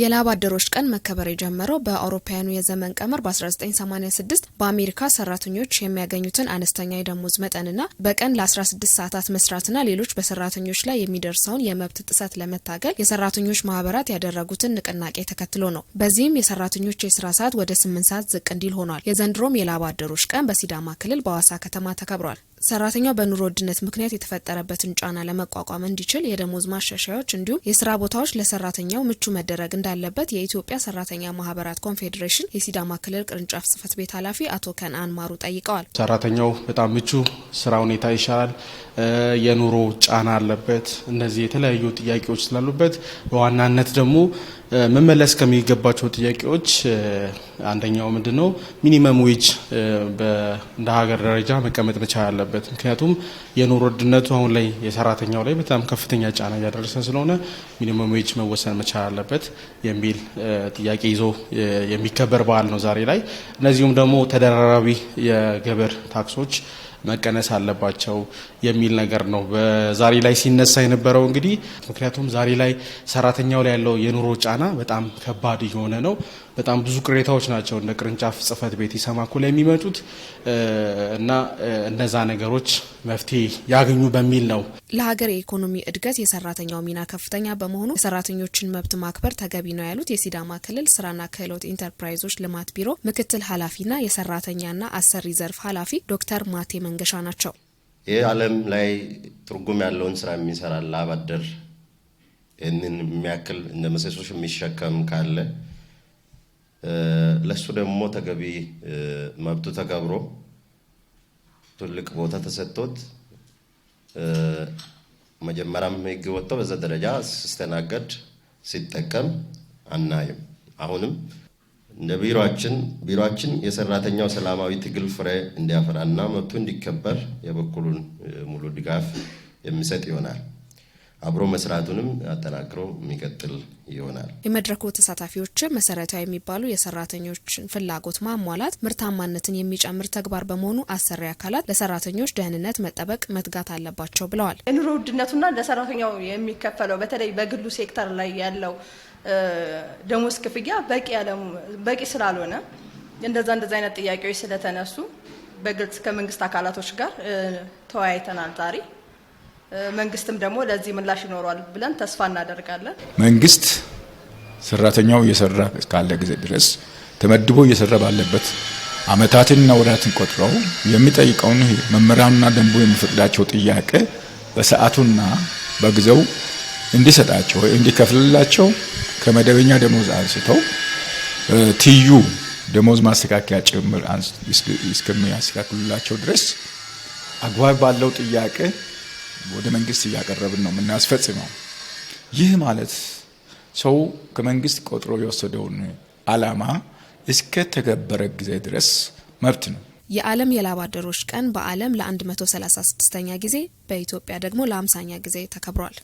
የላብ አደሮች ቀን መከበር የጀመረው በአውሮፓውያኑ የዘመን ቀመር በ1986 በአሜሪካ ሰራተኞች የሚያገኙትን አነስተኛ የደሞዝ መጠንና በቀን ለ16 ሰዓታት መስራትና ሌሎች በሰራተኞች ላይ የሚደርሰውን የመብት ጥሰት ለመታገል የሰራተኞች ማህበራት ያደረጉትን ንቅናቄ ተከትሎ ነው። በዚህም የሰራተኞች የስራ ሰዓት ወደ 8 ሰዓት ዝቅ እንዲል ሆኗል። የዘንድሮም የላብ አደሮች ቀን በሲዳማ ክልል በአዋሳ ከተማ ተከብሯል። ሰራተኛው በኑሮ ውድነት ምክንያት የተፈጠረበትን ጫና ለመቋቋም እንዲችል የደሞዝ ማሻሻያዎች እንዲሁም የስራ ቦታዎች ለሰራተኛው ምቹ መደረግ እንዳለበት የኢትዮጵያ ሰራተኛ ማህበራት ኮንፌዴሬሽን የሲዳማ ክልል ቅርንጫፍ ጽህፈት ቤት ኃላፊ አቶ ከነአን ማሩ ጠይቀዋል። ሰራተኛው በጣም ምቹ ስራ ሁኔታ ይሻላል፣ የኑሮ ጫና አለበት። እነዚህ የተለያዩ ጥያቄዎች ስላሉበት በዋናነት ደግሞ መመለስ ከሚገባቸው ጥያቄዎች አንደኛው ምንድን ነው? ሚኒመም ዌጅ እንደ ሀገር ደረጃ መቀመጥ መቻል አለበት። ምክንያቱም የኑሮ ውድነቱ አሁን ላይ የሰራተኛው ላይ በጣም ከፍተኛ ጫና እያደረሰ ስለሆነ ሚኒመም ዌጅ መወሰን መቻል አለበት የሚል ጥያቄ ይዞ የሚከበር በዓል ነው ዛሬ ላይ። እነዚሁም ደግሞ ተደራራቢ የግብር ታክሶች መቀነስ አለባቸው የሚል ነገር ነው በዛሬ ላይ ሲነሳ የነበረው እንግዲህ ምክንያቱም ዛሬ ላይ ሰራተኛው ላይ ያለው የኑሮ ጫና በጣም ከባድ እየሆነ ነው። በጣም ብዙ ቅሬታዎች ናቸው እንደ ቅርንጫፍ ጽህፈት ቤት ኢሰማኮ ላይ የሚመጡት እና እነዛ ነገሮች መፍትሄ ያገኙ በሚል ነው። ለሀገር የኢኮኖሚ እድገት የሰራተኛው ሚና ከፍተኛ በመሆኑ የሰራተኞችን መብት ማክበር ተገቢ ነው ያሉት የሲዳማ ክልል ስራና ክህሎት ኢንተርፕራይዞች ልማት ቢሮ ምክትል ኃላፊና የሰራተኛና አሰሪ ዘርፍ ኃላፊ ዶክተር ማቴ መንገሻ ናቸው። ይህ ዓለም ላይ ትርጉም ያለውን ስራ የሚሰራ ላባደር ይህንን የሚያክል እንደ የሚሸከም ካለ ለሱ ደግሞ ተገቢ መብቱ ተከብሮ ትልቅ ቦታ ተሰጥቶት መጀመሪያም ህግ ወጥቶ በዛ ደረጃ ሲስተናገድ ሲጠቀም አናይም። አሁንም እንደ ቢሮችን ቢሮችን የሰራተኛው ሰላማዊ ትግል ፍሬ እንዲያፈራና መብቱ እንዲከበር የበኩሉን ሙሉ ድጋፍ የሚሰጥ ይሆናል። አብሮ መስራቱንም አጠናክሮ የሚቀጥል ይሆናል። የመድረኩ ተሳታፊዎች መሰረታዊ የሚባሉ የሰራተኞችን ፍላጎት ማሟላት ምርታማነትን የሚጨምር ተግባር በመሆኑ አሰሪ አካላት ለሰራተኞች ደህንነት መጠበቅ መትጋት አለባቸው ብለዋል። የኑሮ ውድነቱና ለሰራተኛው የሚከፈለው በተለይ በግሉ ሴክተር ላይ ያለው ደሞዝ ክፍያ በቂ ስላልሆነ እንደዛ እንደዛ አይነት ጥያቄዎች ስለተነሱ በግልጽ ከመንግስት አካላቶች ጋር ተወያይተናል ዛሬ መንግስትም ደግሞ ለዚህ ምላሽ ይኖሯል ብለን ተስፋ እናደርጋለን። መንግስት ሰራተኛው እየሰራ ካለ ጊዜ ድረስ ተመድቦ እየሰራ ባለበት አመታትንና ወራትን ቆጥረው የሚጠይቀውን መመሪያውና ደንቡ የሚፈቅዳቸው ጥያቄ በሰዓቱና በጊዜው እንዲሰጣቸው እንዲከፍልላቸው ከመደበኛ ደሞዝ አንስተው ትዩ ደሞዝ ማስተካከያ ጭምር እስከሚያስተካክሉላቸው ድረስ አግባብ ባለው ጥያቄ ወደ መንግስት እያቀረብን ነው የምናስፈጽመው። ይህ ማለት ሰው ከመንግስት ቆጥሮ የወሰደውን አላማ እስከ ተገበረ ጊዜ ድረስ መብት ነው። የዓለም የላብ አደሮች ቀን በዓለም ለ136ኛ ጊዜ በኢትዮጵያ ደግሞ ለ50ኛ ጊዜ ተከብሯል።